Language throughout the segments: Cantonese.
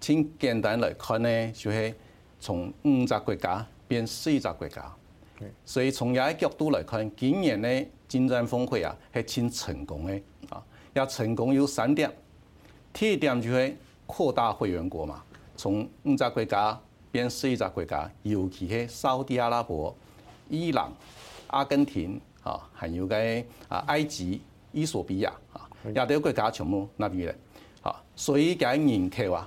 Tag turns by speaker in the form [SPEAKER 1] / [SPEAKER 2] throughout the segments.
[SPEAKER 1] 從簡單來看就是從五個國家變四個國家，所以從呢個角度來看，今年的金磚峰會啊係挺成功嘅，啊，成功有三點：第一點就是擴大會員國，嘛，從五個國家變四個國家，尤其是沙特阿拉伯、伊朗、阿根廷，還有個啊埃及、伊索比亞，嚇、嗯，呢啲國家全部納入了。所以今年睇話。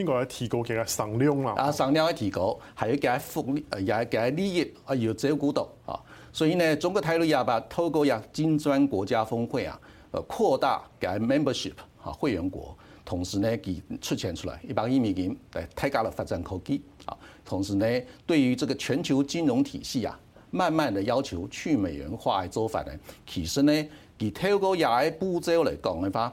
[SPEAKER 1] 邊個要提高給嘅商量啦？啊，商量嘅提高係要加福利，也係加利益，又照顧到啊。所以呢，中國大陸也把透過亞金磚國家峰會啊，擴大嘅 membership 啊會員國，同時呢，給出錢出來一百億美金嚟增加的發展科技啊。同時呢，對於這個全球金融體系啊，慢慢的要求去美元化嘅做法呢，其實呢，給透過亞嘅步驟嚟講嘅話。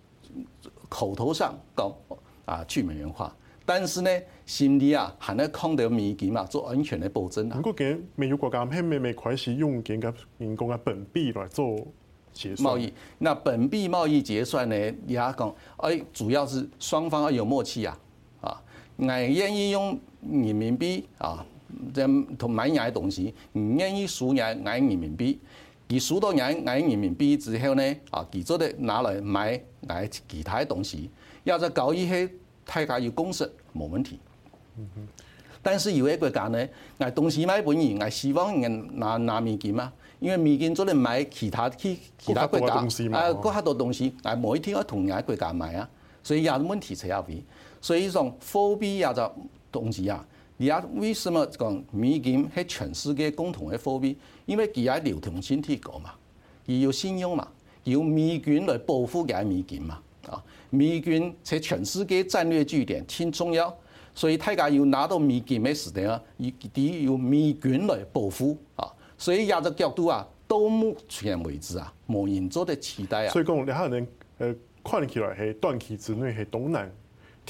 [SPEAKER 1] 口頭上講啊，去美元化，但是呢，心裏啊含一抗的風險嘛，做安全的保證，啊。啦。嗰件美元國家係咪咪開始用嘅？應該用講本幣來做結算。貿易那本幣貿易結算呢？而家講，哎，主要是雙方要有默契啊！啊，我願意用人民幣啊，即同買嘢的東西，唔願意輸入我，輸我人民幣。而數多人捱人民幣之後呢，啊，佢就啲攞嚟買捱其他嘅東西。要一隻交易期，大家有共識，沒問題。嗯、哼但是有啲國家呢，捱東西買本，本人捱希望人拿拿美金啊，因為美金只能買其他啲其，其他國家，啊，國家的東西，捱每一天要同人家國家買啊，所以有啲問題出現。所以講貨幣又就動啊。而家為什麼講美金喺全世界共同嘅貨幣？因為佢喺流通性起高嘛，而有信用嘛，有美軍來保護嘅係美金嘛，啊，美軍喺全世界戰略據點，挺重要，所以大家要拿到美金嘅時候，而啲有美軍來保護。啊，所以亞洲角度啊，到目前為止啊，無言咗啲期待啊。所以講你可能誒看
[SPEAKER 2] 起來是短期之內係東南。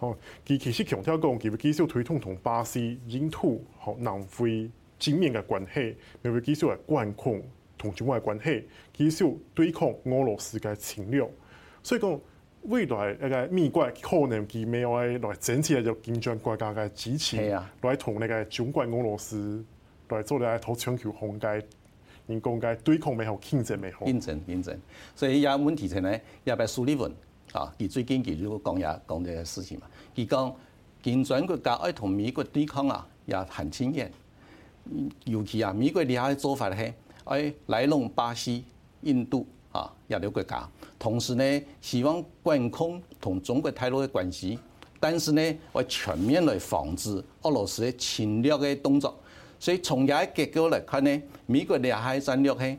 [SPEAKER 2] 哦，其其實強調講，佢會繼續推動同巴西、印度、和南非正面嘅關係，咪會繼續嘅管控同中國嘅關係，繼續對抗俄羅斯嘅侵略。所以講未來呢個美國可能佢咪要來整治呢個金磚國家嘅支持，來同呢個中國俄羅
[SPEAKER 1] 斯來做啲嘅套全球框架，連講嘅對抗咪好競爭咪好競爭競爭。所以一問題就係，一啊！佢最近其實果講也講個事情嘛，佢講金磚國家愛同美國對抗啊，也很親熱。尤其啊，美國厲害嘅做法係，誒來弄巴西、印度啊，亞洲國家，同時咧希望管控同中國太多嘅關係，但是咧要全面來防止俄羅斯嘅侵略嘅動作，所以從嘢嘅結構來看咧，美國厲害嘅戰略。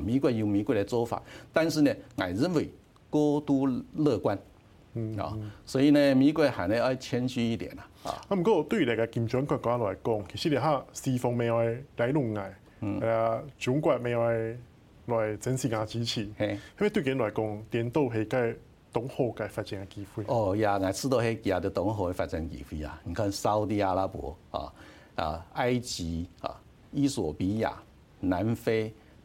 [SPEAKER 1] 美國有美國的做法，但是呢，我認為高度樂觀。嗯，啊，所以呢，美國還能要謙虛一點啊。咁嗰個對那個金磚國家來講，其實嚟下西方未
[SPEAKER 2] 愛嚟弄嘅，嗯、啊，中國未愛珍惜示下支持，因為的對佢來講，點都係個東海嘅發展嘅機會。哦，
[SPEAKER 1] 也係知道係啱啱東海嘅發展機會啊！你看，沙烏地阿拉伯啊、啊埃及啊、伊索比亞，南非。